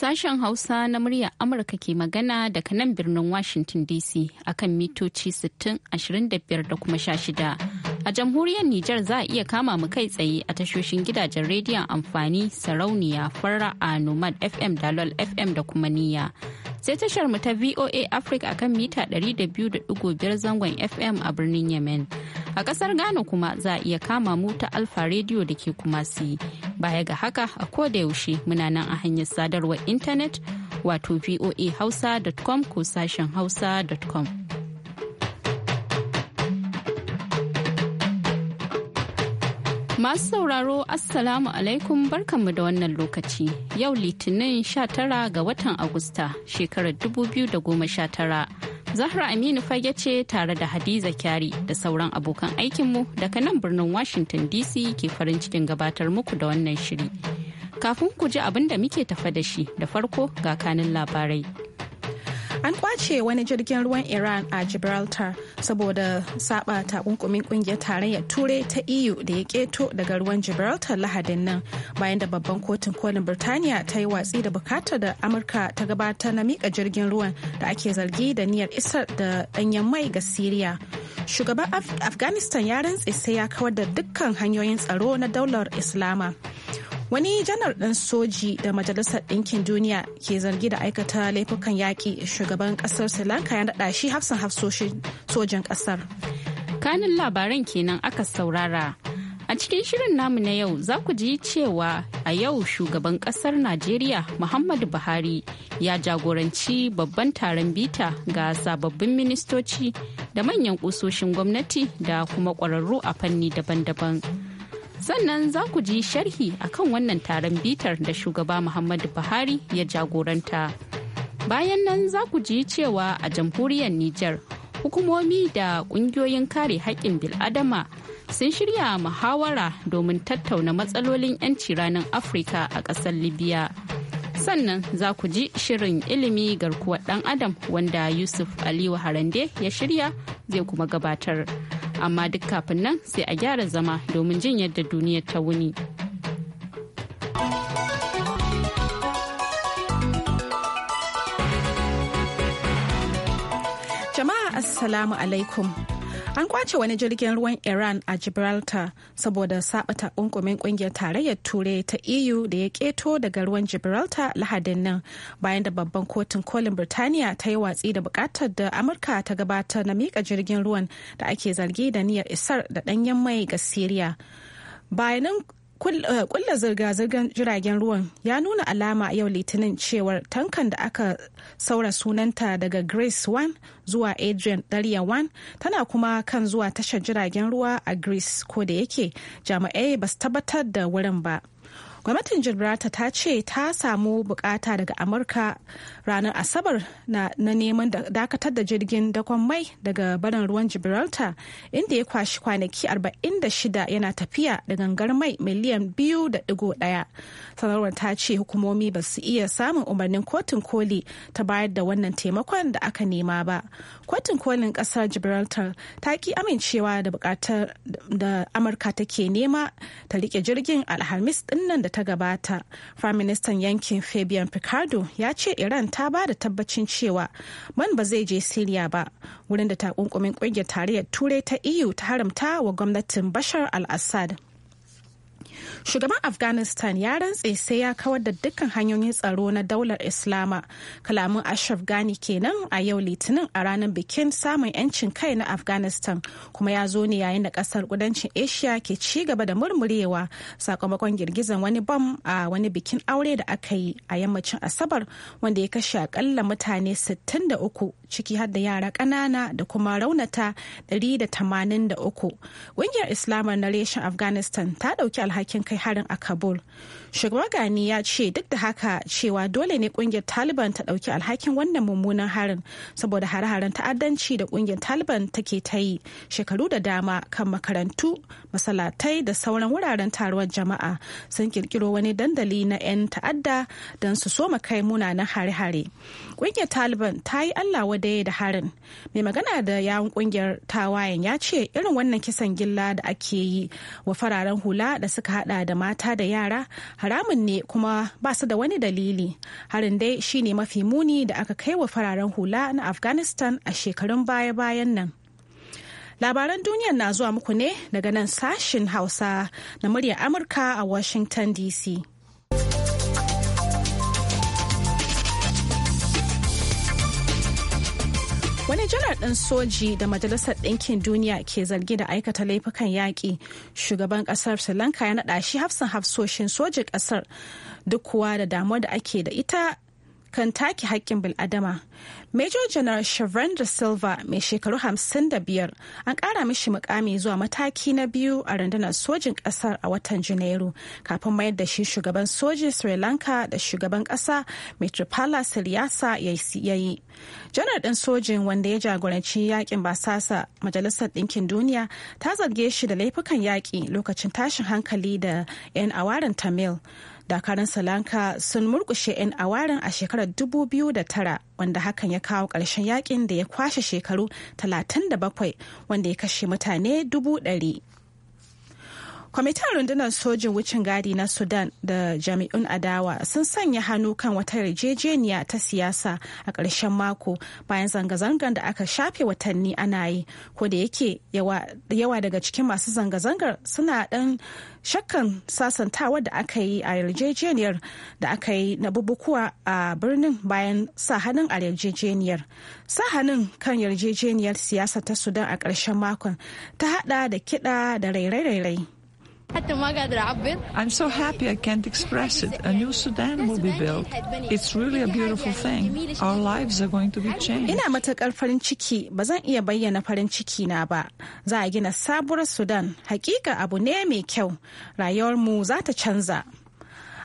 Sashen Hausa na muryar Amurka ke magana daga nan birnin Washington DC akan mitoci 60, 25 da kuma 16. A jamhuriyar Nijar za a iya kama mu kai tsaye a tashoshin gidajen rediyon amfani sarauniya a Nomad FM Dalol FM da kuma niyya. Sai tashar mu ta VOA Africa akan mita 200.5 zangon FM a birnin Yemen. A kasar Ghana kuma za a iya kama mu ta Alfa rediyo da ke Kumasi. Baya ga haka a ko da yaushe muna nan a hanyar sadarwar intanet wato voa voahausa.com ko sashen hausa.com. Masu sauraro Assalamu alaikum barkanmu da wannan lokaci. Yau Litinin 19 ga watan Agusta shekarar 2019. Zahra Aminu fage ce tare da Hadiza Kyari da sauran abokan aikinmu daga nan birnin Washington DC ke farin cikin gabatar muku da wannan shiri. Kafin ku ji abin da muke tafa da shi da farko ga kanin labarai. an kwace wani jirgin ruwan iran a gibraltar saboda saba takunkumin kungiyar tarayyar turai ta eu da ya keto daga ruwan gibraltar lahadin nan bayan da babban kotun kolin birtaniya ta yi watsi da bukatar da amurka ta gabatar na mika jirgin ruwan da ake zargi da niyyar isar da danyen mai ga siriya shugaban afghanistan ya rantse sai ya kawar da dukkan hanyoyin tsaro na daular islama wani janar ɗan soji da majalisar ɗinkin duniya ke zargi da aikata laifukan yaƙi shugaban ƙasar sri lanka ya naɗa shi hafsan hafsoshin sojin ƙasar kanin labaran kenan aka saurara a cikin shirin namu na yau za ku ji cewa a yau shugaban ƙasar najeriya muhammadu buhari ya jagoranci babban taron bita ga sababbin ministoci da manyan ƙusoshin gwamnati da kuma ƙwararru a fanni daban-daban. sannan za ku ji sharhi a kan wannan taron bitar da shugaba muhammadu buhari ya jagoranta bayan nan za ku ji cewa a jamhuriyar niger hukumomi da kungiyoyin kare haƙƙin bil'adama sun shirya muhawara domin tattauna matsalolin 'yanci ranar afirka a ƙasar libya sannan za ku ji shirin ilimi garkuwar ɗan adam wanda yusuf aliyu harande ya shirya zai kuma gabatar. amma duk kafin nan sai a gyara zama domin jin yadda duniyar ta wuni. Jama'a Assalamu alaikum. An kwace wani jirgin ruwan Iran a Gibraltar saboda saba takunkumin kungiyar tarayyar Turai ta EU da ya keto daga ruwan Gibraltar lahadin nan bayan da babban kotun kolin Birtaniya ta yi watsi da bukatar da Amurka ta gabatar na mika jirgin ruwan da ake zargi da niyyar isar da danyen mai ga Siriya. bayanan Eh, kulla zirga-zirgar jiragen ruwan ya nuna alama yau litinin cewar tankan da aka saura sunanta daga grace 1 zuwa adrian darya 1 tana kuma kan zuwa tashar jiragen ruwa a greece ko da yake jami'ai ba su tabbatar da wurin ba gwamnatin gibraltar ta ce ta samu bukata daga amurka ranar asabar na, neman dakatar da jirgin dakon mai daga barin ruwan gibraltar inda ya kwashi kwanaki 46 yana tafiya da gangar mai miliyan 2.1 sanarwar ta ce hukumomi ba su iya samun umarnin kotun koli ta bayar da wannan taimakon da aka nema ba kotun kolin kasar gibraltar ta ki amincewa da bukatar da amurka take nema ta rike jirgin alhamis dinnan da ta gabata firaministan yankin fabian picardo ya ce iran ta ba da tabbacin cewa man ba zai je siriya ba wurin da ta takunkumin ƙungiyar tarayyar turai ta eu ta haramta wa gwamnatin bashar al-assad Shugaban Afghanistan ya rantse sai ya kawar da dukkan hanyoyin tsaro na daular Islama. Kalamun Ashraf gani kenan a yau Litinin a ranar bikin samun 'yancin kai na Afghanistan kuma ya zo ne yayin da kasar kudancin Asia ke ci gaba da murmurewa sakamakon girgizan wani bam a wani bikin aure da aka yi a yammacin Asabar wanda ya kashe akalla mutane 63 ciki har da yara ƙanana da kuma raunata 183. Ƙungiyar Islamar na reshen Afghanistan ta ɗauki alhakin kai harin a Kabul. shugaban Gani ya ce duk da haka cewa dole ne kungiyar Taliban ta ɗauki alhakin wannan mummunan harin saboda hare-haren ta'addanci da kungiyar Taliban take ta yi shekaru da dama kan makarantu, masalatai da sauran wuraren taruwar jama'a sun kirkiro wani dandali na 'yan ta'adda don su soma kai munanan hare-hare. Kungiyar Taliban ta yi Allah wadaya da harin. Mai magana da yawun kungiyar tawayen ya ce irin wannan kisan gilla da ake yi wa fararen hula da suka hada da mata da yara haramun ne kuma ba su da wani dalili harin dai shine mafi muni da aka kai wa fararen hula na afghanistan a shekarun baya-bayan nan labaran duniyar na zuwa muku ne daga nan sashin hausa na muryar amurka a washington dc Wani janar ɗin soji da Majalisar Ɗinkin Duniya ke zargi da aikata laifukan yaƙi, shugaban ƙasar Sri Lanka ya naɗa shi hafsan hafsoshin sojin ƙasar duk kuwa da damuwar da ake da ita kan take haƙƙin bil'adama. Major General da Silva mai shekaru 55 an ƙara mishi mukami zuwa mataki na biyu a rundunar sojin ƙasar a watan Janairu kafin mayar da shi shugaban soji Sri Lanka da shugaban ƙasa Metropala Siriyasa ya yi. Janar ɗin sojin wanda ya jagoranci yakin basasa Majalisar Ɗinkin Duniya ta zarge shi da laifukan yaƙi lokacin tashin hankali da 'yan awarin Tamil. dakarun salanka sun murkushe 'yan awarin a shekarar 2009 wanda hakan ya kawo ƙarshen yakin da ya kwashe shekaru 37 wanda ya kashe mutane dubu ɗari kwamitin rundunar sojin wucin gadi na sudan da jami'un adawa sun sanya hannu kan wata yarjejeniya ta siyasa a ƙarshen mako bayan zanga-zangar da aka shafe watanni ana yi ko da yake yawa daga cikin masu zanga-zangar suna ɗan shakkan sasantawa da aka yi a yarjejeniyar da aka yi na bubukuwa a birnin bayan sa hannun a yarjejeniyar sa hannun kan yarjejeniyar siyasa ta sudan a ƙarshen makon ta hada da kiɗa da rairai-rairai I'm so happy I can't express it. A new Sudan will be built. It's really a beautiful thing. Our lives are going to be changed. Ina matakar farin ciki, ba zan iya bayyana farin ciki na ba. Za a gina sabuwar Sudan, hakika abu ne mai kyau. Rayuwar mu za ta canza.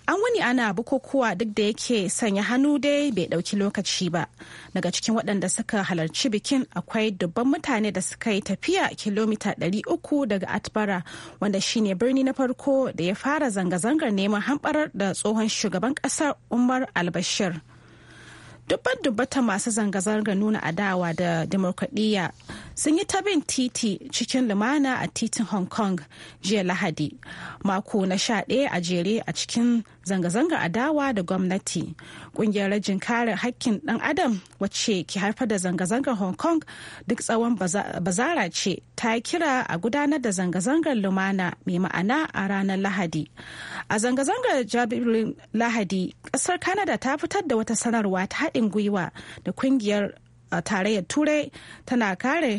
an wani ana bukukuwa duk da yake sanya hannu dai bai dauki lokaci ba daga cikin waɗanda suka halarci bikin akwai dubban mutane da suka yi tafiya kilomita 300 daga atbara wanda shine birni na farko da ya fara zanga-zangar neman hamɓarar da tsohon shugaban ƙasar umar albashir dubban dubbata masu zanga-zanga nuna adawa da demokradiyya sun yi ta bin titi cikin lumana a titin hong kong jiya lahadi mako na sha ɗaya a jere a cikin zanga-zangar adawa da gwamnati kungiyar rajin kare hakkin dan adam wacce ke haifar da zanga-zangar hong kong duk tsawon bazara ce ta kira a gudanar da zanga-zangar lumana mai ma'ana a ranar lahadi a zanga-zangar jabirin lahadi kasar canada ta fitar da wata sanarwa ta haɗin gwiwa da kungiyar tarayyar turai tana kare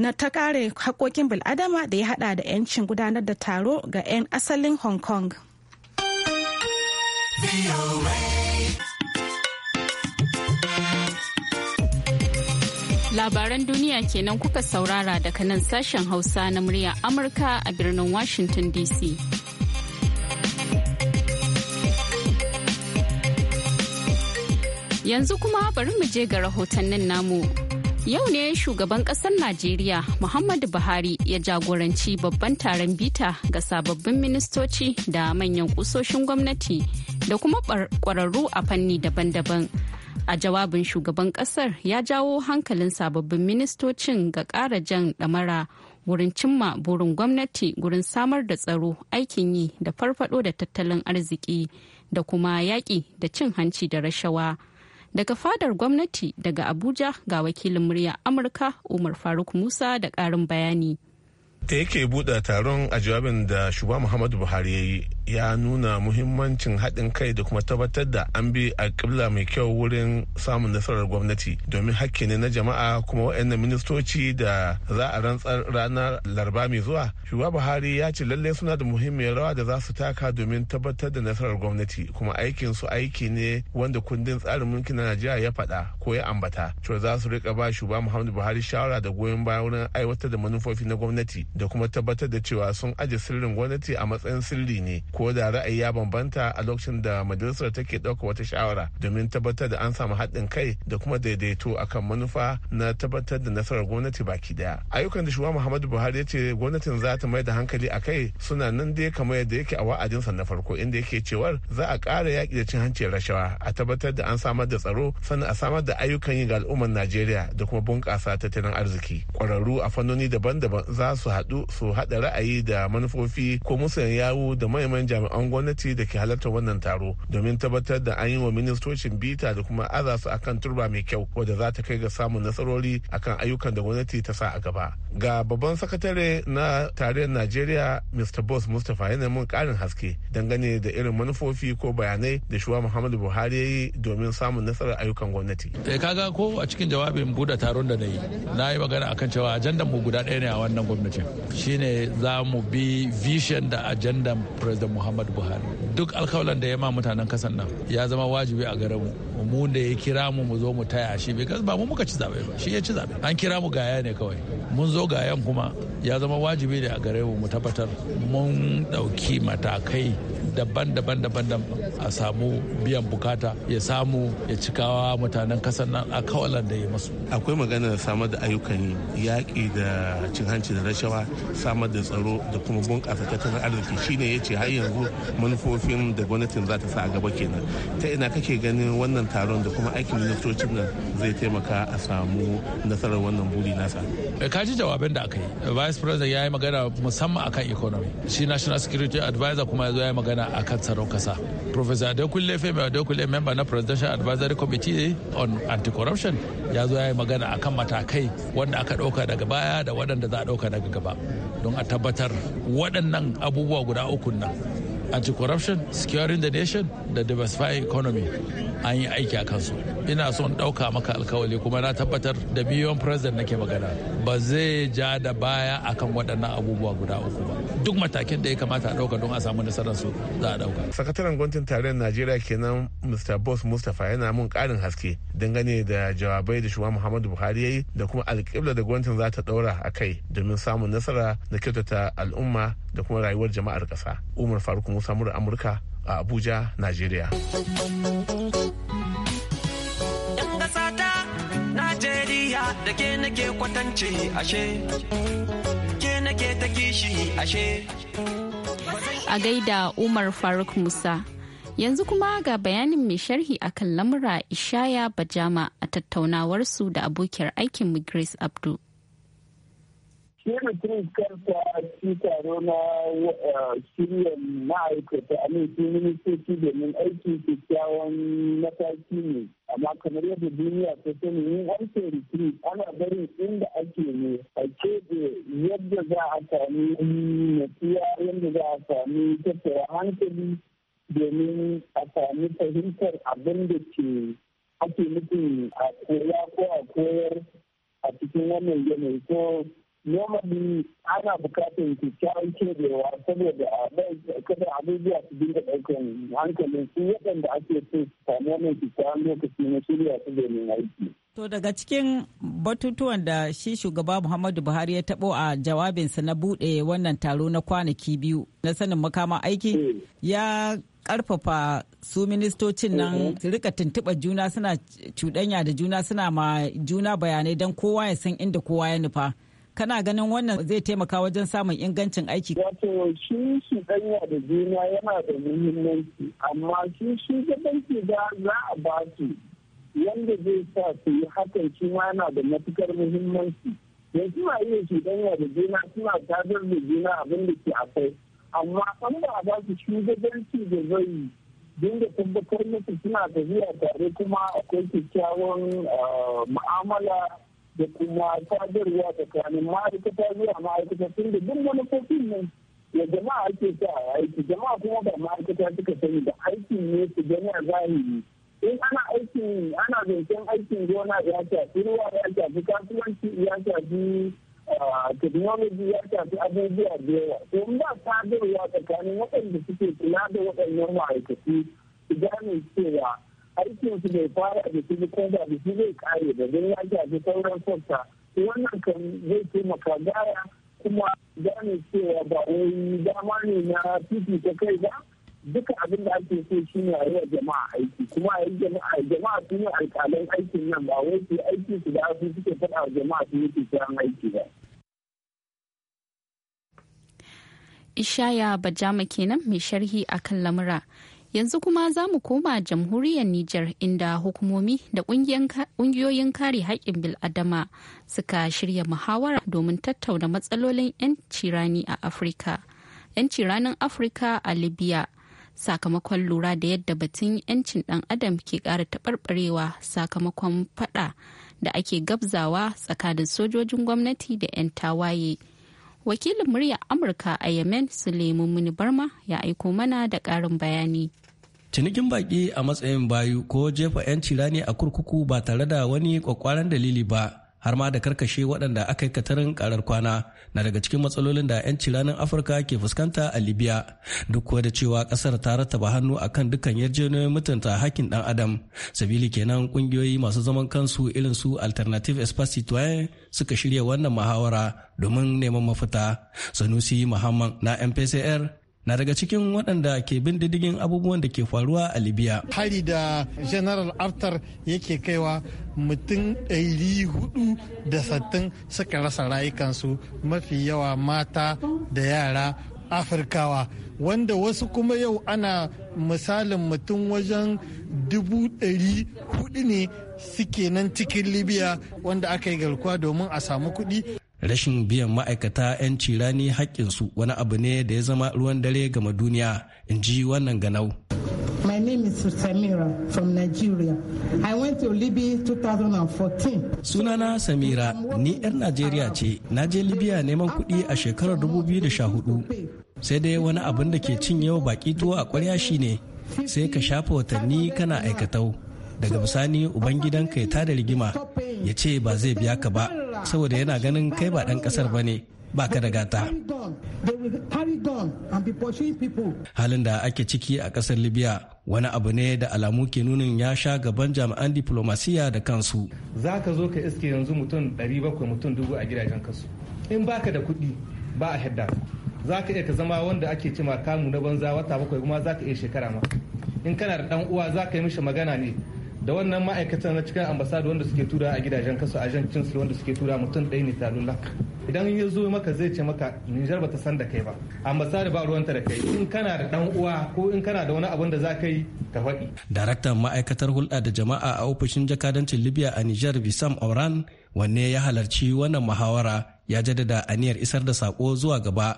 na ta kare haƙoƙin bil'adama da ya hada da 'yancin gudanar da taro ga 'yan asalin hong kong Labaran duniya kenan kuka saurara daga nan sashen Hausa na murya Amurka a birnin Washington DC. Yanzu kuma bari mu je ga rahotannin namu. Yau ne shugaban ƙasar Najeriya Muhammadu Buhari ya jagoranci babban taron bita ga sababbin ministoci da manyan kusoshin gwamnati da kuma ƙwararru a fanni daban-daban. A jawabin shugaban ƙasar ya jawo hankalin sababbin ministocin ga ƙara jan ɗamara wurin cimma burin gwamnati gurin samar da tsaro aikin yi da farfaɗo da tattalin arziki da kuma yaƙi da cin hanci da rashawa. Daga fadar gwamnati daga Abuja ga wakilin murya Amurka Umar Faruk Musa da ƙarin bayani. Da yake buɗe taron a jawabin da shugaban Muhammadu Buhari ya yi ya nuna muhimmancin haɗin kai da kuma tabbatar da an bi a ƙibla mai kyau wurin samun nasarar gwamnati domin hakki ne na jama'a kuma waɗannan ministoci da za a rantsar ranar laraba mai zuwa shugaba buhari ya ce lalle suna da muhimmiyar rawa da za su taka domin tabbatar da nasarar gwamnati kuma aikin su aiki ne wanda kundin tsarin mulkin na najeriya ya faɗa ko ya ambata cewa za su rika ba shugaba muhammadu buhari shawara da goyon baya wurin aiwatar da manufofi na gwamnati da kuma tabbatar da cewa sun aje sirrin gwamnati a matsayin sirri ne ko da ra'ayi ya bambanta a lokacin da majalisar take ɗauka wata shawara domin tabbatar da an samu haɗin kai da kuma daidaito akan manufa na tabbatar da nasarar gwamnati baki daya ayyukan da shugaba muhammadu buhari ya ce gwamnatin za ta mai da hankali a kai suna nan dai kamar yadda yake a wa'adinsa na farko inda yake cewar za a ƙara yaƙi da cin hanci rashawa a tabbatar da an samar da tsaro sannan a samar da ayyukan yi ga al'ummar najeriya da kuma bunƙasa tattalin arziki ƙwararru a fannoni daban-daban za su haɗu su haɗa ra'ayi da manufofi ko musayan yawu da maimai sauran jami'an gwamnati da ke halarta wannan taro domin tabbatar da an yi wa ministocin bita da kuma aza su akan turba mai kyau wadda za ta kai ga samun nasarori akan ayyukan da gwamnati ta sa a gaba ga babban sakatare na tarayyar najeriya mr boss mustapha yana mun karin haske dangane da irin manufofi ko bayanai da shuwa muhammadu buhari ya yi domin samun nasarar ayyukan gwamnati eh, kaga ko a cikin jawabin buɗe taron da na yi na yi magana akan cewa ajandan mu guda ɗaya ne a wannan gwamnatin shine za mu bi vision da ajandan president muhammadu buhari duk alkawalan da ya ma mutanen kasan nan ya zama wajibi a gare mu da ya kira mu mu zo mu taya shi because ba mu muka ci zabe ba shi ya ci zabe an kira mu gaya ne kawai mun zo gayan kuma ya zama wajibi ne a gare mu mu tabbatar mun dauki matakai daban-daban daban a samu biyan bukata ya samu ya cikawa mutanen kasar nan a kawalan da ya masu akwai magana da samar da ayyukan yaƙi da cin hanci da rashawa samar da tsaro da kuma bunƙasa tattalin arziki shine ya ce har yanzu manufofin da gwamnatin za ta sa a gaba kenan ta ina kake ganin wannan taron da kuma aikin ministocin nan zai taimaka a samu nasarar wannan buri nasa eh, ka ji jawabin da aka yi vice president ya yi magana musamman akan economy shi national security advisor kuma ya zo ya yi magana magana a kan tsaron kasa. Professor Adekunle Femi Adekunle member na Presidential Advisory Committee on Anti-Corruption ya zo ya yi magana a kan matakai wanda aka ɗauka daga baya da waɗanda za a ɗauka daga gaba don a tabbatar waɗannan abubuwa guda uku nan anti-corruption securing the nation da diversify economy an yi aiki a kansu ina son ɗauka maka alkawali kuma na tabbatar da biyon president nake magana ba zai ja da baya akan waɗannan abubuwa guda uku ba duk matakin da ya kamata a ɗauka don a samu nasarar su za a ɗauka. sakataren gwamnatin tarayyar najeriya kenan mr boss mustapha yana mun ƙarin haske dangane da jawabai da shugaban muhammadu buhari ya yi da kuma alƙibla da gwamnatin za ta ɗaura a kai domin samun nasara da kyautata al'umma da kuma rayuwar jama'ar ƙasa umar faruk musa mura amurka a abuja najeriya. da ke nake kwatance ashe ke nake ta kishi ashe a gaida umar faruk musa yanzu kuma ga bayanin mai sharhi akan lamura ishaya bajama a tattaunawarsu da abokiyar aikin grace abdu shi mutum kansa shi taro na eh, shirya ma'aikata ne shi ministoci domin aiki kyakkyawan mataki ne amma kamar yadda duniya ta sani yin aikin rikini ana barin inda ake ne a keɓe yadda za a sami natsuwa yadda za a sami tattara hankali domin a sami fahimtar abin da ke ake nufin a koya ko a koyar a cikin wannan yanayi ko normally ana bukatar kyakkyawan kebewa saboda kada abubuwa su dinga ɗaukan hankalin su waɗanda ake so su samu kyakkyawan lokaci na shirya su domin aiki. To daga cikin batutuwan da shi shugaba Muhammadu Buhari ya taɓo a jawabinsa na buɗe wannan taro na kwanaki biyu na sanin makama aiki eh. ya karfafa su ministocin nan eh. su rika tuntuɓa juna suna cuɗanya da juna suna ma juna bayanai don kowa ya san inda kowa ya nufa. kana ganin wannan zai taimaka wajen samun ingancin aiki wato shi shi danya da juna yana da muhimmanci amma shi shi gabanci da za a ba su yanda zai sa su yi hakan shi ma yana da matukar muhimmanci yanzu suna iya shi danya da juna suna tazar da juna abin da ke akwai amma an ba a ba su shugabanci da zai dinga tabbatar musu suna tafiya tare kuma akwai kyakkyawan eh, mu'amala da kuma sadarwa tsakanin ma'aikata zuwa ma'aikata tun da duk manufofin ne ya jama'a ake sa a aiki jama'a kuma ba ma'aikata suka sani da aiki ne su gani a zahiri in ana aikin ana zancen aikin gona ya shafi ruwa ya shafi kasuwanci ya shafi technology ya shafi abubuwa da yawa to ba sadarwa tsakanin waɗanda suke kula da waɗannan ma'aikatu su gane cewa aikin su bai fara a jiki ko da jiki zai kare da zai ya shafi sauran sassa wannan kan zai taimaka gaya kuma gane cewa ba wai dama ne na titi ta kai ba duka abin da ake so shi ne a yi jama'a aiki kuma a jama'a jama'a su ne alƙalan aikin nan ba wai su aiki su da su suke faɗa jama'a su yake kiran aiki ba. Ishaya Bajama kenan mai sharhi akan lamura. Yanzu kuma za mu koma jamhuriyar Nijar inda hukumomi da ƙungiyoyin kare haƙƙin bil'adama suka shirya muhawara domin tattauna matsalolin 'yanci rani a Afirka. 'Yanci ranar Afirka a Libya sakamakon lura da yadda batun 'yancin ɗan adam ke ƙara taɓarɓarewa sakamakon faɗa da ake gabzawa tsakanin sojojin gwamnati da 'yan tawaye. wakilin murya amurka a yemen suleiman muni barma ya aiko mana da ƙarin bayani cinikin baki a matsayin bayu ko jefa 'yanci rani a kurkuku ba tare da wani kwakwaran dalili ba har ma da karkashe waɗanda aka yi katarin karar kwana na daga cikin matsalolin da 'yanci ranar afirka ke fuskanta a libya duk da cewa ƙasar ta rataba hannu a kan dukkan yarjejeniyoyin mutunta hakkin ɗan adam sabili kenan ƙungiyoyi masu zaman kansu irin su alternative espace citoyen suka shirya wannan muhawara domin neman mafita sanusi muhammad na mpcr na daga cikin waɗanda ke bin diddigin abubuwan da ke faruwa a libya hari da general aftar yake kaiwa mutum hudu da sattin suka rasa rayukansu mafi yawa mata da yara afirkawa wanda wasu kuma yau ana misalin mutum wajen dubu ɗari hudu ne suke nan cikin libya wanda aka yi garkuwa domin a samu kuɗi rashin biyan ma'aikata 'yanci rani haƙƙinsu wani abu ne da ya zama ruwan dare gama duniya in ji wannan ganau My name is Samira from Nigeria. I went to Libya 2014. Sunana Samira, ni 'yar Najeriya ce, na je Libya neman kuɗi a shekarar 2014. Sai dai wani abin da ke cin yau baki tuwo a ƙwarya ne sai ka shafa watanni kana aikatau. Daga bisani Ubangidanka ya tada rigima ya ce ba zai biya ka ba. saboda yana ganin kai ba ɗan kasar ba ne ba ka da gata. Halin da ake ciki a kasar Libya wani abu ne da alamu ke nunin ya sha gaban jami'an diplomasiya da kansu. Za ka zo ka iske yanzu mutum 700 mutum dubu a gidajen kasu. In baka da kuɗi ba a hadda. Za ka iya ka zama wanda ake cima kamu na banza wata bakwai kuma za ka iya shekara ma. In kana da ɗan uwa za ka yi mishi magana ne da wannan ma'aikatan na cikin ambasada wanda suke tura a gidajen kasu a jan cinsu wanda suke tura mutum ɗaya ne talulak idan ya zo maka zai ce maka nijar ba ta san da kai ba ambasada ba ruwanta da kai in kana da dan uwa ko in kana da wani abun da za ka yi ka faɗi. daraktan ma'aikatar hulɗa da jama'a a ofishin jakadancin libya a nijar bisam auran wanne ya halarci wannan muhawara ya jaddada aniyar isar da sako zuwa gaba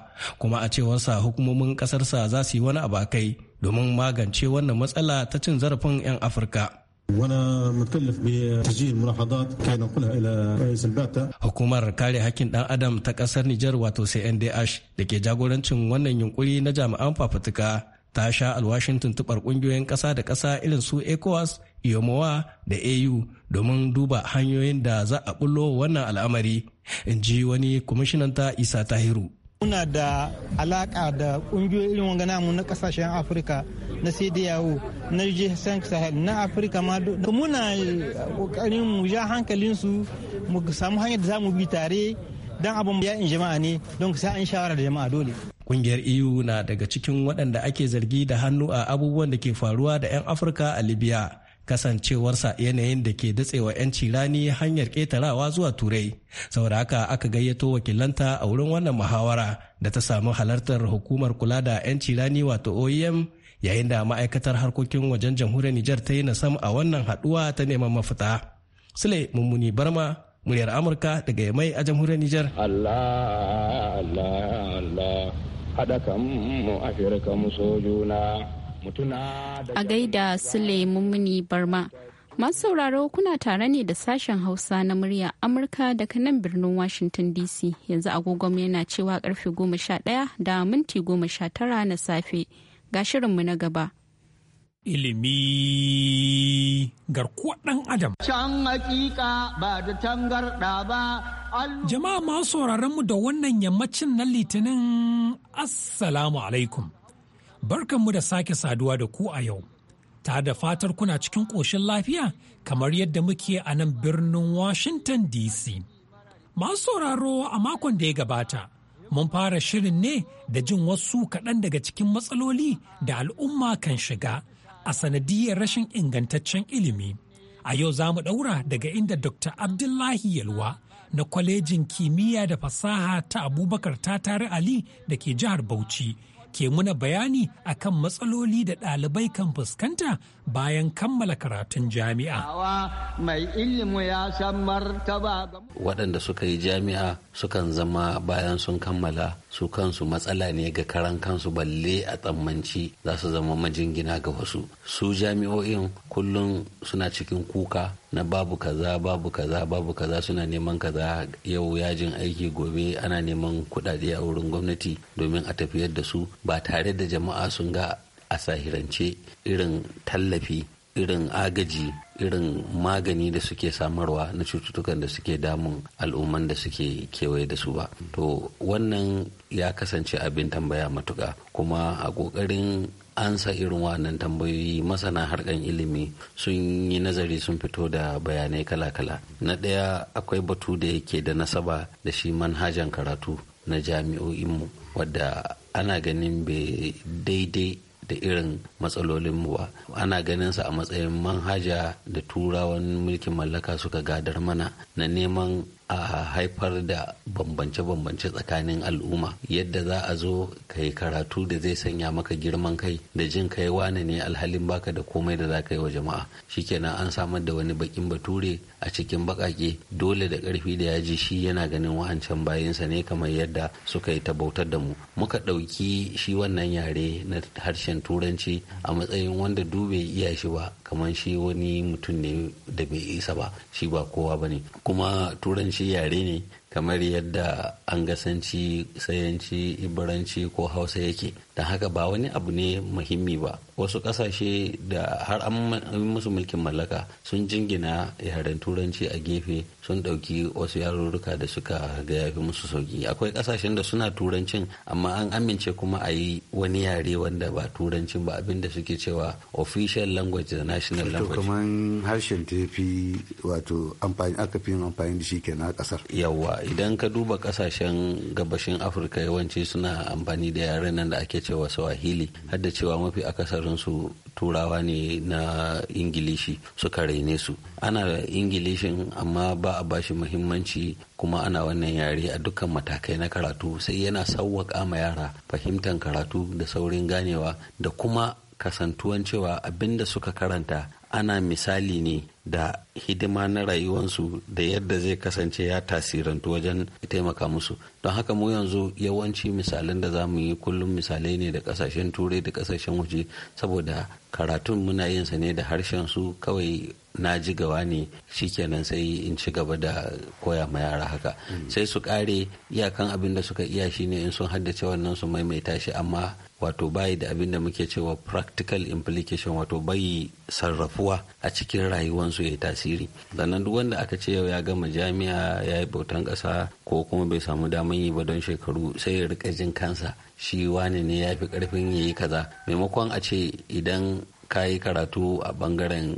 kuma a cewarsa hukumomin kasarsa za su yi wani abu a kai domin magance wannan matsala ta cin zarafin 'yan afirka. Hukumar kare hakkin ɗan Adam ta ƙasar Nijar wato CNDH da ke jagorancin wannan yunkuri na jami'an fafutuka ta sha alwashin tubar kungiyoyin ƙasa da kasa irin su ECOWAS, yomowa da AU domin duba hanyoyin da za a bullo wannan al'amari, in ji wani kwamishinan ta Isa Tahiru. Muna da alaƙa da ƙungiyoyin irin wangana mu na kasashen Afirka na yawo na jisan sahel na afirka ma muna kokarin mu ja hankalinsu mu samu hanyar da za mu bi tare don abin in jama'a ne don sai an shawara da jama'a dole kungiyar eu na daga cikin waɗanda ake zargi da hannu a abubuwan da ke faruwa da 'yan afirka a libya kasancewarsa yanayin da ke datsewa 'yanci rani hanyar ƙetarawa zuwa turai saboda haka aka gayyato wakilanta a wurin wannan muhawara da ta samu halartar hukumar kula da 'yanci rani wato oem yayin da ma'aikatar harkokin wajen jamhuriyar Nijar ta yi nasam a wannan haduwa ta neman mafita. Sule Mummuni Barma, muryar Amurka daga Yamai a jamhuriyar Nijar. Allah, Allah, Allah, haɗa kan mu Afirka A gaida Sule Mummuni Barma. Masu sauraro kuna tare ne da sashen Hausa na murya Amurka daga nan birnin Washington DC yanzu agogon yana cewa karfe 11 da minti 19 na safe. ga shirinmu na gaba. Ilimi garkuwar ɗan Adam. Can hakika ba da tangarɗa ba. Jama'a masu mu da wannan yammacin na litinin Assalamu alaikum. Barkanmu da sake saduwa da ku a yau. ta da fatar kuna cikin ƙoshin lafiya kamar yadda muke a nan birnin Washington DC. Masu sauraro a makon da ya gabata, mun fara shirin ne da jin wasu kaɗan daga cikin matsaloli da al'umma kan shiga a sanadiyar rashin ingantaccen ilimi. A yau za mu ɗaura daga inda Dr. Abdullahi Yalwa na kwalejin kimiyya da fasaha ta Abubakar Tatari Ali da ke jihar Bauchi ke muna bayani akan matsaloli da ɗalibai kan fuskanta bayan kammala karatun jami'a. Mai ilimu ya san martaba. Waɗanda suka yi jami'a sukan zama bayan sun kammala su kansu matsala ne ga karan kansu balle a tsammanci za su zama majingina ga wasu. Su jami'o'in kullum suna cikin kuka na babu kaza babu kaza babu kaza suna neman kaza yau yajin aiki gobe ana neman kuɗaɗe a wurin gwamnati domin a tafiyar da su ba tare da jama'a sun ga a sahirance irin tallafi irin agaji irin magani da suke samarwa na cututtukan da suke damun al'umman da suke kewaye da su ba to wannan ya kasance abin tambaya matuka kuma a ƙoƙarin an sa irin wannan tambayoyi masana harkan ilimi sun yi nazari sun fito da bayanai kala-kala na ɗaya akwai batu da yake da nasaba da shi manhajan karatu na jami'o'in mu wadda ana ganin bai daidai da irin matsalolin mu ba ana ganin sa a matsayin manhaja da turawan mulkin mallaka suka gadar mana na neman a haifar da bambance-bambance tsakanin al'umma yadda za a zo ka yi karatu da zai sanya maka girman kai da jin kai wane ne alhalin baka da komai da za ka yi wa jama'a shikenan an samar da wani bakin bature a cikin bakake dole da karfi da yaji shi yana ganin wa'ancan bayansa ne kamar yadda suka yi ta bautar da mu muka ɗauki shi wannan yare na harshen turanci a matsayin wanda dube iya shi ba kamar shi wani mutum ne da bai isa ba shi ba kowa ba ne kuma turanci yare ne kamar yadda an gasanci sayanci ibaranci ko hausa yake don haka ba wani abu ne muhimmi ba wasu kasashe da har an musu mulkin mallaka sun jingina yaren turanci a gefe sun ɗauki wasu yarurruka da suka ga yafi musu sauki akwai kasashen da suna turancin amma an amince kuma a yi wani yare wanda ba turancin ba abin da suke cewa official language da national language kamar harshen tafi wato aka fi amfani da shi kenan a kasar yawa idan ka duba kasashen gabashin afirka yawanci suna amfani da yaren nan da ake cewa swahili har da cewa mafi akasarinsu turawa ne na ingilishi suka raine su ana ingilishin amma ba a bashi muhimmanci kuma ana wannan yare a dukkan matakai na karatu sai yana sauwaƙa ma yara fahimtar karatu da saurin ganewa da kuma kasantuwan cewa abinda suka karanta ana misali ne da hidima na rayuwansu da yadda zai kasance ya tasirantu wajen taimaka musu don haka mu yanzu yawanci misalan da za mu yi kullum misalai ne da kasashen turai da kasashen waje saboda karatun muna yin sa ne da harshen su kawai na ji gawa ne shikenan sai in ci gaba da koya ma yara haka mm. sai su kare iyakan abin da suka iya shine in sun haddace wannan su maimaita shi amma wato bayi da abin da muke cewa practical implication wato bayi sarrafuwa a cikin rayuwarsu ya yi tasiri sannan duk wanda aka ce yau ya gama jami'a ya yi bautan ƙasa ko kuma bai samu daman yi ba don shekaru sai ya rika jin kansa shi wane ne ya fi karfin ya yi kaza maimakon a ce idan ka yi karatu a bangaren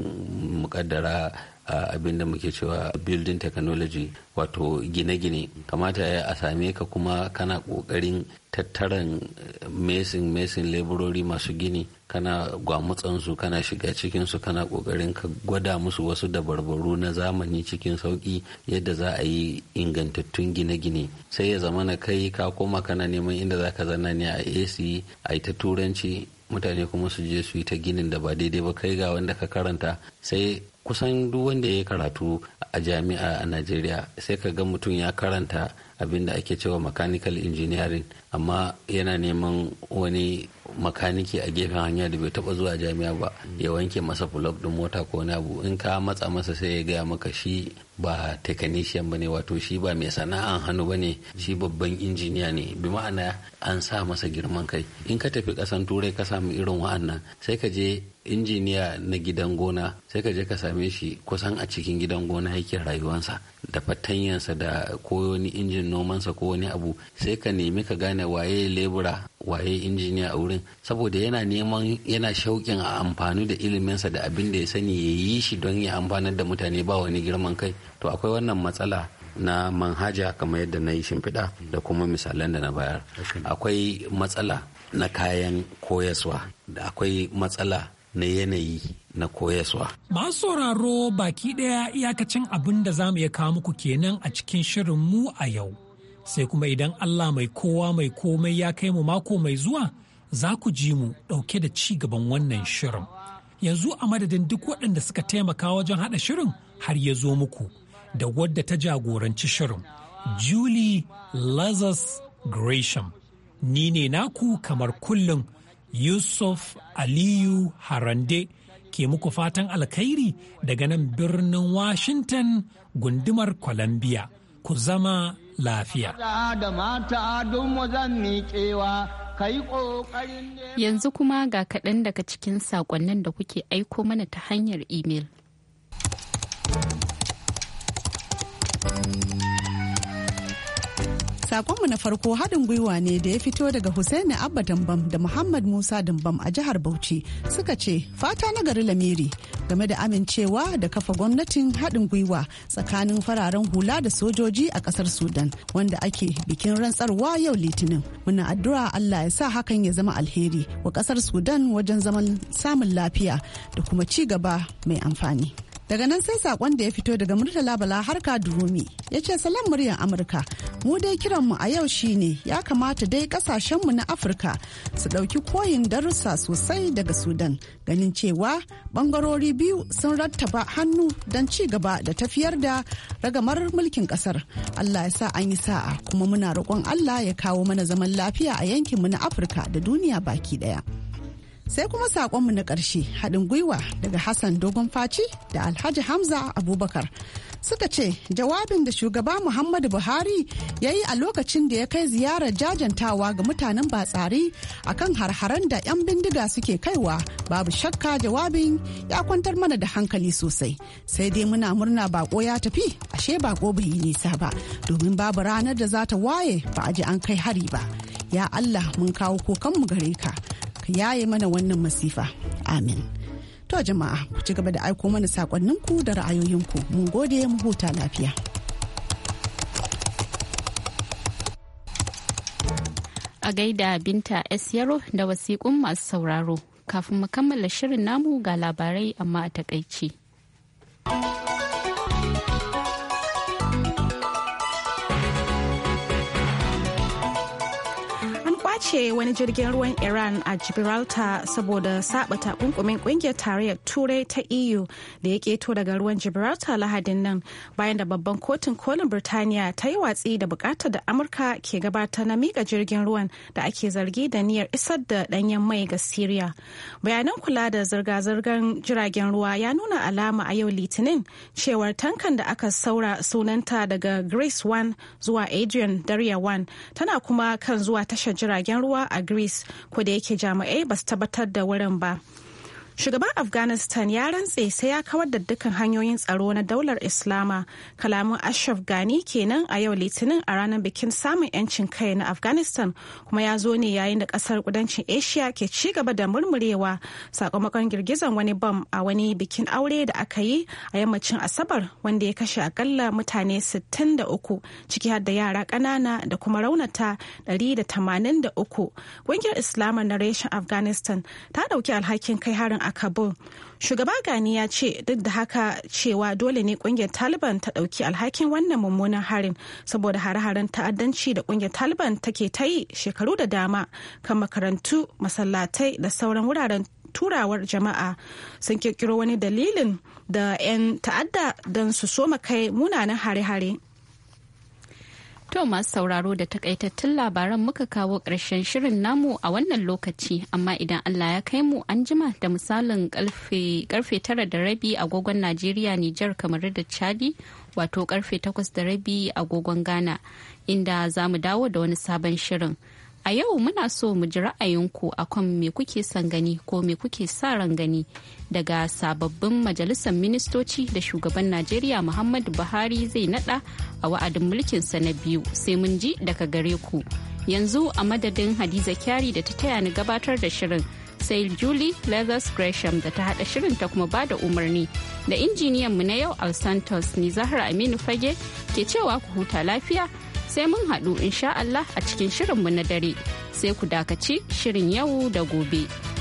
mukaddara abin da muke cewa building technology wato gine-gine kamata a same ka kuma kana kokarin tattaran eh, mesin mesin laborori masu gini kana gwamutsansu kana shiga cikinsu kana kokarin ka gwada musu wasu dabarbaru na zamani cikin sauki yadda za a yi ingantattun gine-gine sai ya zama na kai ka koma kana neman inda za ka zana ne a ac a yi ta turanci mutane kuma su je su yi ta ginin da ba daidai ba kai ga wanda ka karanta sai kusan duk wanda ya karatu a jami'a a najeriya sai ka ga mutum ya karanta abin da ake cewa mechanical engineering amma yana neman wani makaniki a gefen hanya da bai taba zuwa jami'a ba ya wanke masa blog din mota ko wani abu in ka matsa masa sai ya gaya maka shi ba technician bane wato shi ba mai sana'an hannu bane shi babban injiniya ne bi ma'ana an sa masa girman kai in ka tafi kasan turai ka samu irin wa'annan sai ka je injiniya na gidan gona sai ka je ka same shi kusan a cikin gidan gona yake rayuwansa da fatanyansa da ko wani injin nomansa ko wani abu sai ka nemi ka gane waye lebura waye injiniya a wurin saboda yana neman yana shauƙin a amfani da iliminsa da abin da ya sani ya yi shi don ya amfanar da mutane ba wani girman kai to akwai wannan matsala na manhaja kamar yadda na yi shimfiɗa da kuma misalan da na bayar akwai matsala na kayan koyaswa da akwai matsala na yanayi na koyaswa. Masu sauraro baki ɗaya iyakacin abin da za mu iya kawo muku kenan a cikin shirin mu a yau. sai kuma idan Allah mai kowa mai komai ya kai mu mako mai zuwa za ku ji mu ɗauke da ci gaban wannan shirin. Yanzu a madadin duk waɗanda suka taimaka wajen haɗa shirin har ya zo muku da wadda ta jagoranci shirin. Julie Lazarus Gresham. Ni ne naku kamar kullum Yusuf Aliyu Harande ke muku fatan alkhairi daga nan birnin Washington gundumar Columbia. Ku zama lafiya. Yanzu kuma ga kaɗan daga cikin saƙonnin da kuke aiko mana ta hanyar imel. Sakonmu na farko haɗin gwiwa ne da ya fito daga Hussaini Abba Dambam da Muhammad Musa Dambam a jihar Bauchi suka ce fata na gari Lamiri game da amincewa da kafa gwamnatin haɗin gwiwa tsakanin fararen hula da sojoji a ƙasar Sudan wanda ake bikin rantsarwa yau Litinin. Muna addu'a Allah ya sa hakan ya zama alheri wa ƙasar Sudan wajen zaman samun lafiya da kuma ci gaba mai amfani. daga nan sai sakon da ya fito daga murtala bala harka durumi ya ce salam muryar amurka mu dai kiranmu a yau shine ya kamata dai kasashenmu na afirka su ɗauki koyin darussa sosai daga sudan ganin cewa bangarori biyu sun rattaba hannu don ci gaba da tafiyar da ragamar mulkin ƙasar allah ya sa an yi sa'a kuma muna roƙon allah ya kawo mana zaman lafiya a yankinmu na afirka da duniya baki ɗaya. sai kuma saƙonmu na ƙarshe haɗin gwiwa daga hassan dogon faci da alhaji hamza abubakar suka ce jawabin da shugaba muhammadu buhari ya yi a lokacin da ya kai ziyarar jajantawa ga mutanen batsari a kan harharen da 'yan bindiga suke kaiwa babu shakka jawabin ya kwantar mana da hankali sosai sai dai muna murna bako ya tafi ashe bako bai yi nisa ba domin babu ranar da za ta waye ba a ji an kai hari ba ya allah mun kawo kokanmu gare ka ya yi mana wannan masifa amin to jama'a ku ci gaba da aiko mana sakonninku da ra'ayoyinku mun gode mu huta lafiya a gaida binta s yaro da wasiƙun masu sauraro kafin mu kammala shirin namu ga labarai amma a takaici. kwace wani jirgin ruwan Iran a Gibraltar saboda saba takunkumin kungiyar tarayyar Turai ta EU da ya keto daga ruwan Gibraltar lahadin nan bayan da babban kotun kolin Birtaniya ta yi watsi da bukatar da Amurka ke gabata na mika jirgin ruwan da ake zargi da niyyar isar da danyen mai ga Syria. Bayanan kula da zirga-zirgar jiragen ruwa ya nuna alama a yau Litinin cewar tankan da aka saura sunanta daga greece 1 zuwa Adrian Darya 1 tana kuma kan zuwa tashar jiragen jiragen ruwa a Greece, ko da yake jami'ai ba su tabbatar da wurin ba. shugaban afghanistan ya rantse sai ya kawar da dukkan hanyoyin tsaro na daular islama kalamun ashraf gani kenan a yau litinin a ranar bikin samun yancin kai na afghanistan kuma ya zo ne yayin da kasar kudancin asia ke ci gaba da murmurewa sakamakon girgizan wani bam a wani bikin aure da aka yi a yammacin asabar wanda ya kashe akalla mutane 63 ciki har da yara ƙanana da kuma raunata 183 ƙungiyar islama na reshen afghanistan ta ɗauki alhakin kai harin a kabul shugaba gani ya ce duk da haka cewa dole ne kungiyar taliban ta dauki alhakin wannan mummunan harin saboda hare-haren ta'addanci da kungiyar taliban take ta yi shekaru da dama kan makarantu masallatai da sauran wuraren turawar jama'a sun kirkiro wani dalilin da 'yan ta'adda don su soma kai munanan hare-hare To masu sauraro da takaitattun labaran muka kawo ƙarshen shirin namu a wannan lokaci amma idan Allah ya kai mu an jima da misalin karfe tara da rabi agogon Najeriya Nijar kamar da Chadi wato karfe takwas da rabi agogon Ghana inda za mu dawo da wani sabon shirin. A yau muna so mu ji ra'ayinku a kan me kuke son gani ko me kuke sa ran gani daga sababbin majalisar ministoci da shugaban Najeriya Muhammadu Buhari zai nada a wa'adin mulkinsa na biyu sai mun ji daga gare ku. Yanzu a madadin Hadiza Kyari da ta taya ni gabatar da shirin. sai Julie Leathers Gresham da ta hada shirin ta kuma ba da umarni da injiniyan mu na yau Al Santos ni Zahra Aminu Fage ke cewa ku huta lafiya sai mun haɗu insha Allah a cikin shirinmu na dare sai ku dakaci shirin yau da gobe.